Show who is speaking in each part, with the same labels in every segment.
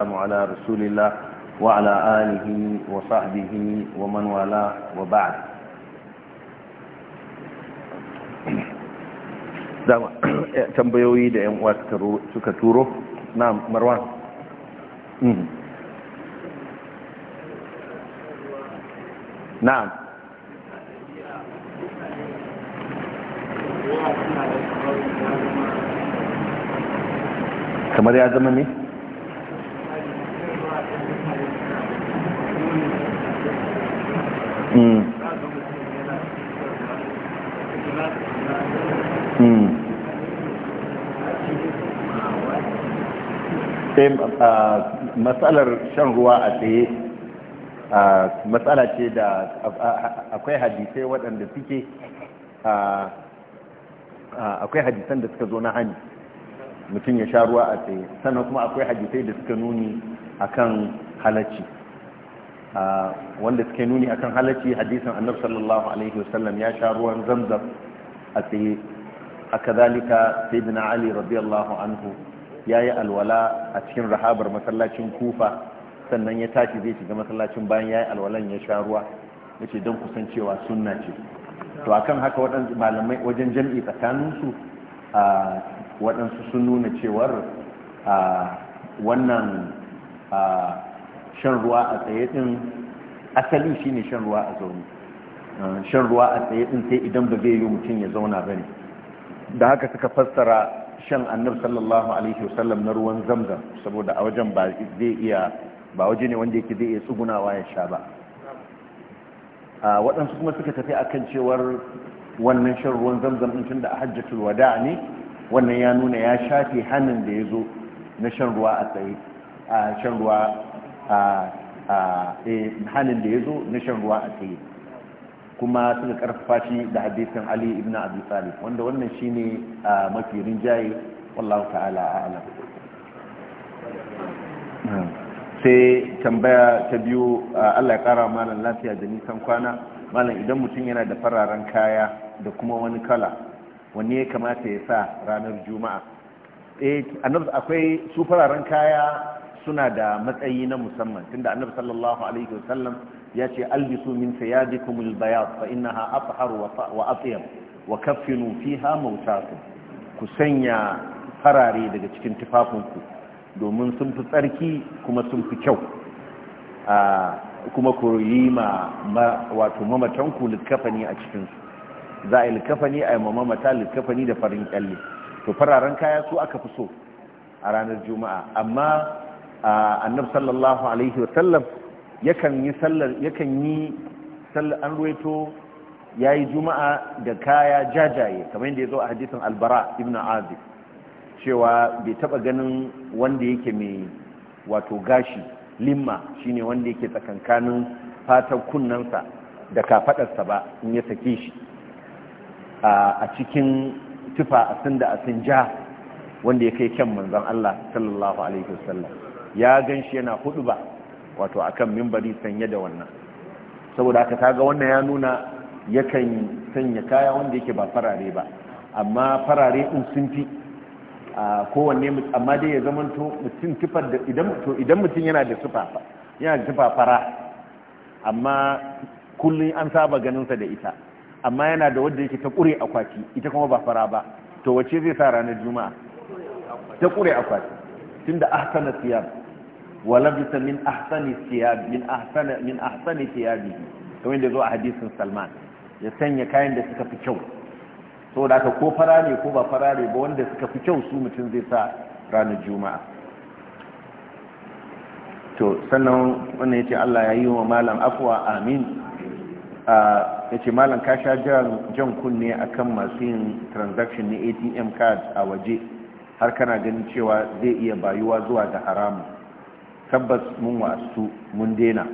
Speaker 1: السلام على رسول الله وعلى آله وصحبه ومن والاه وبعد dama tambayoyi da yan uwa kamar ya zama ne
Speaker 2: Hmm. Hmm.
Speaker 1: sai ah, matsalar shan ruwa a tsaye ah, matsala ce da ah, akwai hadisai waɗanda suke akwai hadisan da suka zo na hannu mutum ya sha ruwa a tsaye sannan kuma akwai hadisai da suka nuni akan halacci wanda suke nuni akan halacci hadisin annabi sallallahu alaihi wasallam ya sha ruwan zamzam a tsaye haka zalika sayyidina ali radiyallahu anhu yayi alwala a cikin rahabar masallacin kufa sannan ya tashi zai shiga masallacin bayan yi alwalan ya sha ruwa yace don kusancewa sunna ce to akan haka waɗansu malamai wajen jam'i tsakaninsu su waɗansu sun nuna cewar wannan a shan ruwa a tsaye din asali shine shan ruwa a zaune shan ruwa a tsaye din sai idan ba zai yi mutum ya zauna bane da haka suka fassara shan annabi sallallahu alaihi wasallam na ruwan zamzam saboda a wajen ba zai iya ba waje ne wanda yake zai iya tsugunawa ya sha ba a waɗansu kuma suka tafi akan cewar wannan shan ruwan zamzam din da a hajjatul wada ne wannan ya nuna ya shafe hannun da ya zo na shan ruwa a tsaye a shan ruwa a hannun da ya zo na shan ruwa a tsaye kuma suka karfafa shi da hadisin ali ibn abi talib wanda wannan shine mafi rinjaye wallahu ta'ala a'lam sai tambaya ta biyu Allah ya kara malam lafiya da nisan kwana malam idan mutum yana da fararen kaya da kuma wani kala wanne ya kamata ya sa ranar juma'a eh akwai su fararen kaya suna da matsayi na musamman tunda annabi sallallahu alaihi wasallam ya ce albisu min sayadikum albayad fa innaha afhar wa atyab wa kaffinu fiha mawtakum ku sanya farare daga cikin tufafinku domin sun fi tsarki kuma sun fi kyau kuma ku yi ma wato mamatanku likafani a cikinsu za a yi a yi mamata likafani da farin kyalle to fararen kaya su aka fi so a ranar juma'a amma A annabi sallallahu alaihi wasallam yakan yi sallar yakan yi sallar an ruwaito yayi juma'a da kaya jajaye kamar yadda zo a hadisin albara ibn azib cewa bai taba ganin wanda yake mai wato gashi limma shine wanda yake tsakankanin fatan kunnansa da kafadarsa ba in ya sake shi a cikin tufa asin da asin ja wanda ya kai kyan manzon Allah sallallahu alaihi wasallam ya gan shi yana hudu ba wato a kan mimbari sanye da wannan saboda aka taga wannan ya nuna yakan sanya kaya wanda yake ba farare ba amma farare in sun fi a kowanne amma dai ya zama to mutum tufar da idan mutum yana da tufa yana da amma kullum an saba ganinsa da ita amma yana da wanda yake ta kure akwati ita kuma ba fara ba to wace zai sa ranar juma'a ta kure akwati da ahsana siyar ahsani من min الثياب min ahsani siyabi أحسن ثيابه zo a hadisin Salman. ya sanya kayan da suka fi kyau saboda ka ko fara ne ko ba fara ne ba wanda suka fi kyau su mutum zai sa ranar juma'a to sannan wannan yace Allah ya yi wa malam afwa amin yace malam ka sha jan kunne akan masu yin transaction na ATM card a waje har kana ganin cewa zai iya bayuwa zuwa ga haramun tabbas mun wasu mun dena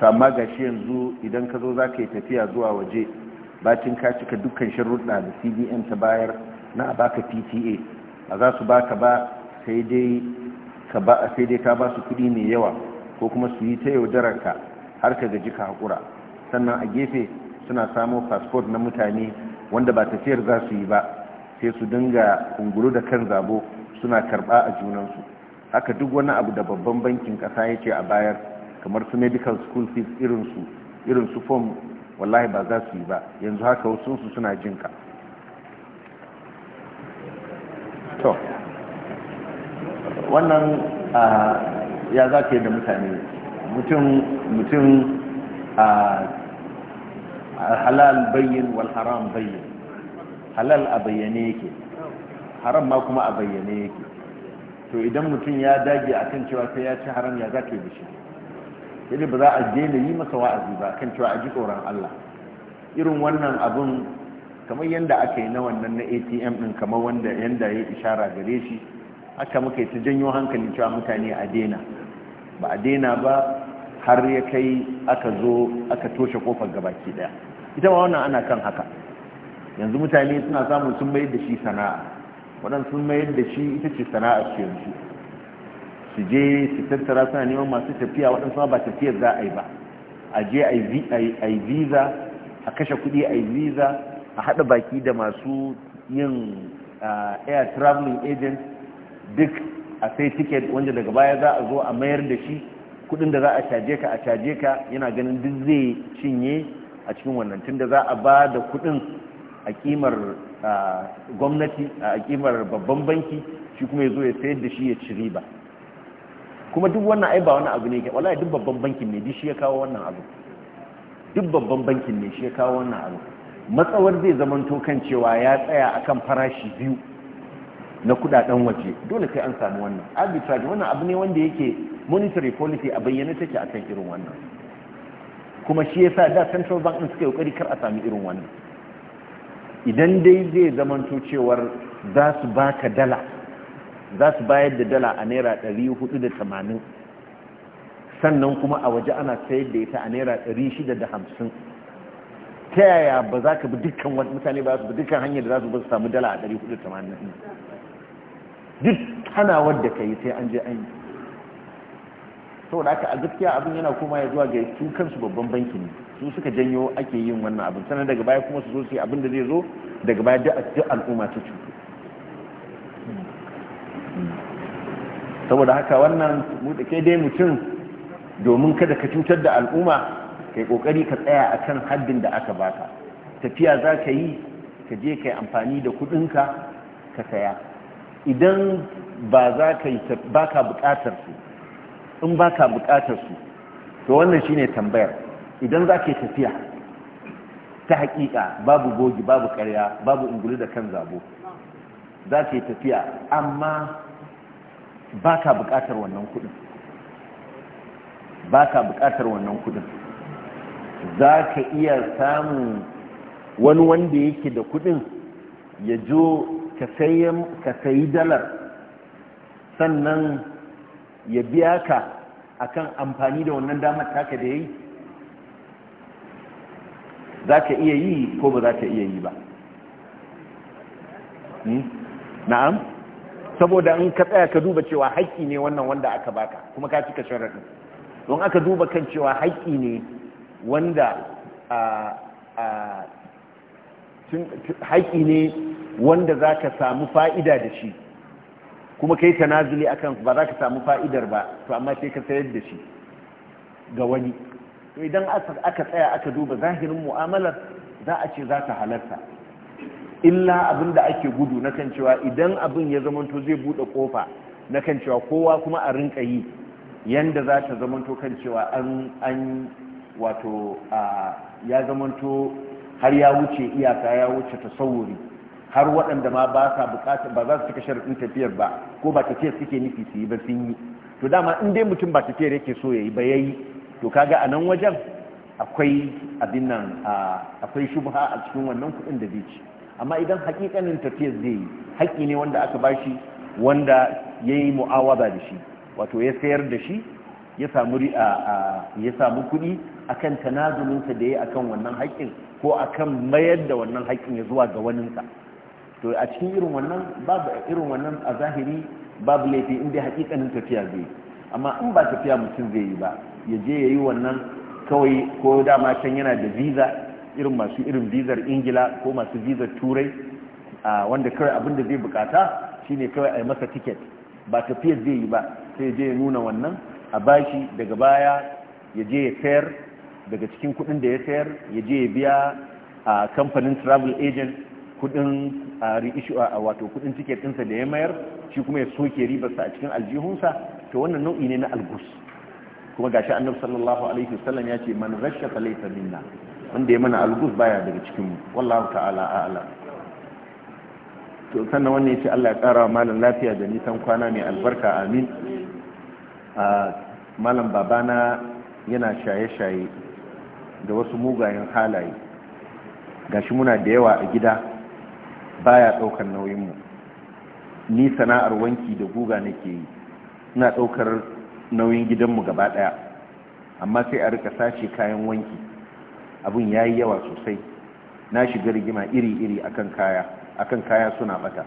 Speaker 1: to amma ga shi yanzu idan ka zo za ka yi tafiya zuwa waje bacin ka cika dukkan sharuɗa da cbn ta bayar na a baka pta a za su baka ba sai dai ka ba sai dai ka ba su kudi mai yawa ko kuma su yi ta yaudarar ka har ka gaji ka haƙura sannan a gefe suna samo fasfot na mutane wanda ba tafiyar za su yi ba sai su dinga ungulu da kan zabo suna karɓa a junansu haka duk wani abu da babban bankin kasa ya ce a bayar kamar su medical school fees irinsu irinsu form wallahi ba za su yi ba yanzu haka su suna jinka to wannan ya za ka yi da mutane mutum a halal bayyan wal haram bayyin halal a bayyane yake haram ma kuma a bayyane yake to idan mutum ya dage a kan cewa sai ya ci haram ya za ka yi bishi yadda ba za a daina yi masa wa'azi ba kan cewa a ji tsoron Allah irin wannan abin kamar yadda aka yi na wannan na atm ɗin kamar wanda yadda ya ishara gare shi haka muka yi ta janyo hankali cewa mutane a daina ba a daina ba har ya kai aka zo aka toshe kofar gabaki daya ita ba wannan ana kan haka yanzu mutane suna samun sun bai da shi sana'a waɗansu sun mayar da shi ita ce sana'ar su yanzu su je su tattara suna neman masu tafiya waɗansu ba tafiyar za a yi ba a je a yi visa a kashe kuɗi a yi visa a haɗa baki da masu yin air traveling agent duk a sai ticket wanda daga baya za a zo a mayar da shi kuɗin da za a caje ka a caje ka yana ganin duk zai cinye a cikin wannan tun da za a ba da kuɗin. a kimar gwamnati a kimar babban banki shi kuma ya zo ya sayar da shi ya ci riba kuma duk wannan ai ba wani abu ne ke wallahi duk babban bankin ne shi ya kawo wannan abu duk babban bankin ne shi ya kawo wannan abu matsawar zai zamanto kan cewa ya tsaya akan farashi biyu na kudaden waje dole sai an samu wannan arbitrage wannan abu ne wanda yake monetary policy a bayyane take akan irin wannan kuma shi yasa da central bank din suka yi kokari kar a sami irin wannan idan dai zai zamanto cewar za su baka dala za su bayar da dala a naira 480 sannan kuma a waje ana sayar da ita a naira 650 ta yaya ba za ka bi dukkan wani mutane ba su bi dukkan hanyar da za su ba su samu dala a 480 duk hana wadda ka yi sai an je an yi saboda haka a gaskiya abin yana koma ya zuwa ga su kansu babban banki ne su suka janyo ake yin wannan abin sannan daga baya kuma su zo su yi abin da zai zo daga baya duk al'umma ta cutu saboda haka wannan ke dai mutum domin kada ka cutar da al'umma kai kokari ka tsaya akan haddin da aka baka tafiya za ka yi ka je ka amfani da kudinka ka saya idan ba za ka yi ba bukatar su in ba ka bukatar su to wannan shine tambayar idan za ke tafiya ta hakika babu gogi babu karya babu inguli da kan zabo za ke tafiya amma ba ka bukatar wannan kudin ba ka bukatar wannan kudin za ka iya samun wani wanda yake da kudin ya jo ka sayi dalar sannan ya biya ka a kan amfani da wannan damar taka da yi za ka iya yi ko ba za ka iya yi ba hmm? na'am saboda in ka tsaya ka duba cewa haƙƙi ne wannan wanda aka baka kuma ka cika sharaɗin don aka duba kan cewa haƙƙi ne wanda haƙƙi ne wanda za ka samu fa'ida da shi kuma kai tanazuli akan ba za ka samu fa'idar ba to amma sai ka sayar da shi ga wani to idan aka tsaya aka duba zahirin mu'amalar za a ce za ta halarta illa abin da ake gudu na kan cewa idan abin ya zamanto zai buɗe kofa na kan cewa kowa kuma a rinka yi yanda za ta zamanto kan cewa an wato ya zamanto har ya wuce iyaka ya wuce tasawuri har waɗanda ma ba sa bukatar ba za su cika sharaɗin tafiyar ba ko ba tafiyar suke nufi su yi ba sun yi to dama in dai mutum ba tafiyar yake so ya yi ba ya yi to kaga a nan wajen akwai abin nan akwai shubha a cikin wannan kuɗin da zai ci amma idan haƙiƙanin tafiyar zai yi haƙƙi ne wanda aka bashi wanda ya yi ba da shi wato ya sayar da shi ya samu kuɗi akan tanazulinsa da ya yi akan wannan haƙƙin ko akan mayar da wannan haƙƙin ya zuwa ga waninsa to a cikin irin wannan babu irin wannan a zahiri babu laifi inda hakikanin tafiya zai amma in ba tafiya mutum zai yi ba ya je ya yi wannan kawai ko dama can yana da visa irin masu irin vizar ingila ko masu vizar turai wanda kawai abin da zai bukata shine kawai a yi masa tiket ba tafiya zai yi ba sai je ya nuna wannan a bashi daga baya ya je ya sayar daga cikin kudin da ya sayar ya je ya biya a kamfanin travel agent kudin reissue a wato kudin tiket ɗinsa da ya mayar shi kuma ya soke ribarsa a cikin aljihunsa to wannan nau'i ne na algus kuma ga shi annabi sallallahu alaihi wasallam ya ce man rasha falaysa minna wanda ya mana algus baya daga cikin wallahu ta'ala a'lam to sannan wannan yace Allah ya kara malam lafiya da nisan kwana mai albarka amin malam babana yana shaye-shaye da wasu mugayen halaye gashi muna da yawa a gida baya daukar nauyin mu ni sana'ar wanki da guga nake yi ina daukar nauyin gidanmu gaba daya amma sai a rika sace kayan wanki abun yayi yawa sosai na shiga rigima iri-iri akan kaya akan kaya suna bata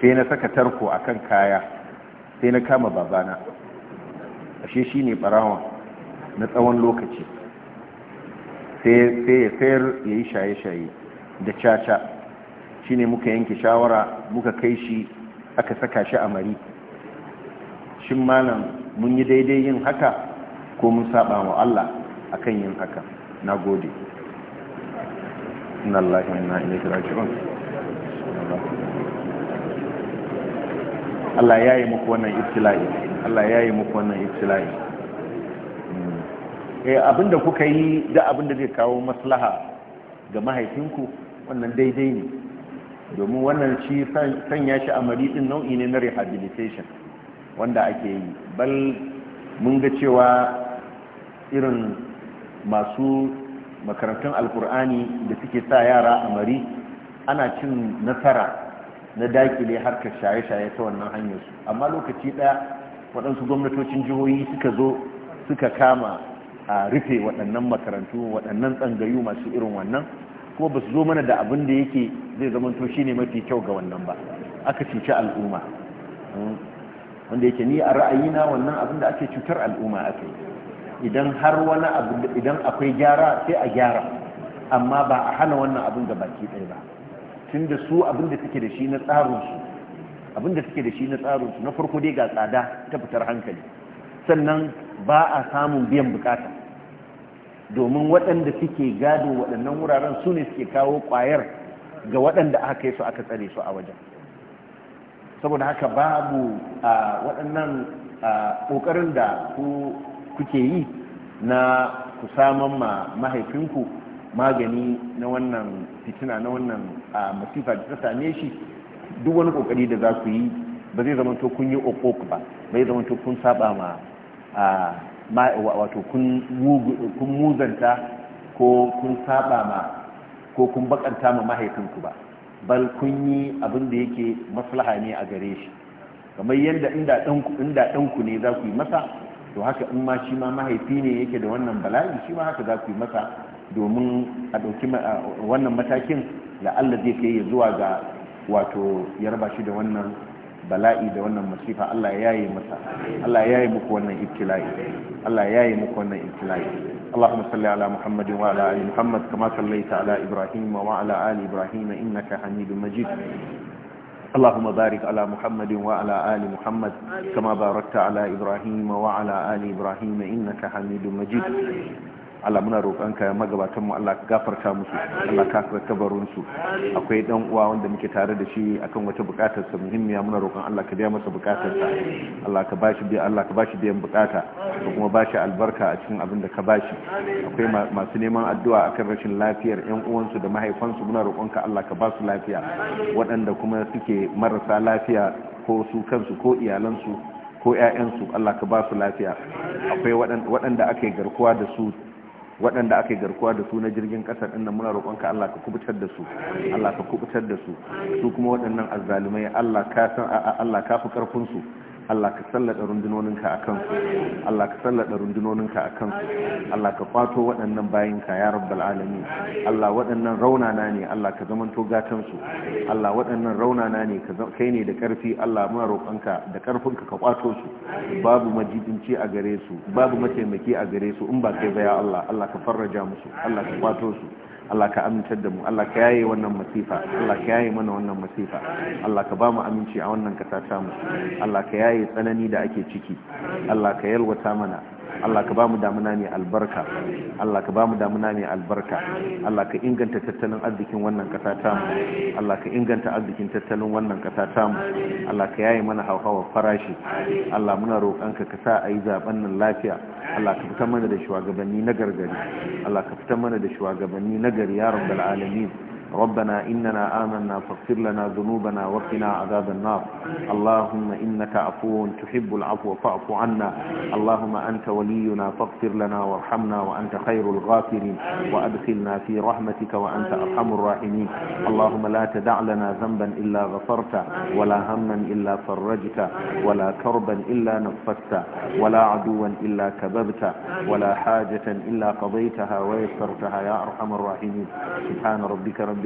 Speaker 1: sai na saka tarko akan kaya sai na kama babana ashe shine barawa na tsawon lokaci sai ya sayar yayi shaye-shaye da caca shine muka yanke shawara muka kai shi aka saka shi a mari shin malam mun yi daidai yin haka ko mun saba wa Allah akan yin haka na gode inna Allah inna ilaihi raji'un Allah ya yi muku wannan ibtila'i Allah ya yi muku wannan ibtila'i hmm. eh abinda kuka yi da abinda zai kawo maslaha ga mahaifinku wannan daidai ne domin wannan shi sanya shi a maridin nau'i ne na rehabilitation wanda ake yi bal mun ga cewa irin masu makarantun alkur'ani da suke sa yara a mari ana cin nasara na dakile harkar shaye-shaye ta wannan hanyar su. amma lokaci ɗaya waɗansu gwamnatocin jihohi suka zo suka kama a rufe waɗannan makarantu waɗannan tsangayu masu irin wannan ko ba su zo mana da abin da yake zai zama to shine mafi kyau ga wannan ba aka cuci al'umma wanda yake ni a ra'ayina wannan abin da ake cutar al'umma ake idan har wani abu idan akwai gyara sai a gyara amma ba a hana wannan abin da baki ɗaya ba tun da su abin da suke da shi na su abin da suke da shi na su na farko dai ga tsada ta fitar hankali sannan ba a samun biyan bukata domin waɗanda suke gado waɗannan wuraren su ne suke kawo ƙwayar ga waɗanda aka kai su aka tsare su a wajen saboda haka babu a waɗannan ƙoƙarin da kuke yi na ku saman ma mahaifinku magani na wannan fitina na wannan masifa da ta same shi duk wani ƙoƙari da za ku yi ba zai zama to kun yi ba bai zama to kun saba ma wato kun muzanta ko kun saba ma ko kun bakanta ma mahaifinku ba bal kun yi abin da yake maslaha ne a gare shi kamar yadda inda ɗanku inda ne za ku yi masa to haka in ma shi ma mahaifi ne yake da wannan bala'i shi ma haka za ku yi masa domin a ɗauki wannan matakin la'alla zai kai ya zuwa ga wato ya shi da wannan bala'i da wannan masifa Allah ya yaye masa Allah ya yaye muku wannan ibtila'i Allah ya yaye muku wannan ibtila'i اللهم صل على محمد وعلى ال محمد كما صليت على ابراهيم وعلى ال ابراهيم انك حميد مجيد اللهم بارك على محمد وعلى آل محمد كما باركت على إبراهيم وعلى آل إبراهيم إنك حميد مجيد Allah muna roƙonka magabatan mu Allah ka gafarta musu Allah ka kabarin su akwai dan uwa wanda muke tare da shi akan wata bukatar sa muhimmiya muna roƙon Allah ka biya masa bukatar sa Allah ka bashi biya Allah ka bashi biyan bukata ka kuma bashi albarka a cikin abin da ka bashi akwai masu neman addu'a akan rashin lafiyar ƴan uwansu da mahaifansu muna ka Allah ka ba su lafiya waɗanda kuma suke marasa lafiya ko su kansu ko iyalansu ko 'ya'yansu Allah ka ba su lafiya akwai waɗanda aka yi garkuwa da su waɗanda aka yi garkuwa da su na jirgin ƙasar ɗin muna roƙonka Allah ka kubutar da su Allah ka kubutar da su su kuma waɗannan azzalumai Allah ka san Allah ka fi ƙarfin su Allah ka sallada rundunoninka a kansu Allah ka sallada rundunoninka a kansu Allah ka kwato waɗannan bayinka ya rabbal alamin Allah waɗannan raunana ne Allah ka zamanto gatan su Allah waɗannan raunana ne kai ne da ƙarfi Allah muna roƙonka da ƙarfinka ka kwato
Speaker 2: su babu
Speaker 1: majibinci a gare su babu mataimaki a gare su in ba kai ba ya Allah Allah ka farraja musu Allah ka kwato su Allah ka amintar da mu Allah ka yaye wannan masifa Allah ka yaye mana wannan masifa Allah ka ba mu aminci a wannan kasa ta mu Allah ka yaye tsanani da ake ciki Allah ka yalwata mana Allah ka ba mu damuna mai albarka Allah ka ba mu damuna mai albarka Allah ka inganta tattalin arzikin wannan ƙasa ta mu Allah ka inganta arzikin tattalin wannan ƙasa ta mu Allah ka yaye mana hauhawar farashi Allah muna roƙonka ka sa ayi yi zaben nan lafiya Allah ka fitar mana da shugabanni na gargari Allah ka fitar mana da shugabanni na gari ya rabbal alamin ربنا إننا آمنا فاغفر لنا ذنوبنا وقنا عذاب النار اللهم إنك عفو تحب العفو فاعف عنا اللهم أنت ولينا فاغفر لنا وارحمنا وأنت خير الغافرين وأدخلنا في رحمتك وأنت أرحم الراحمين اللهم لا تدع لنا ذنبا إلا غفرت ولا هما إلا فرجت ولا كربا إلا نفسته ولا عدوا إلا كببته ولا حاجة إلا قضيتها ويسرتها يا أرحم الراحمين سبحان ربك رب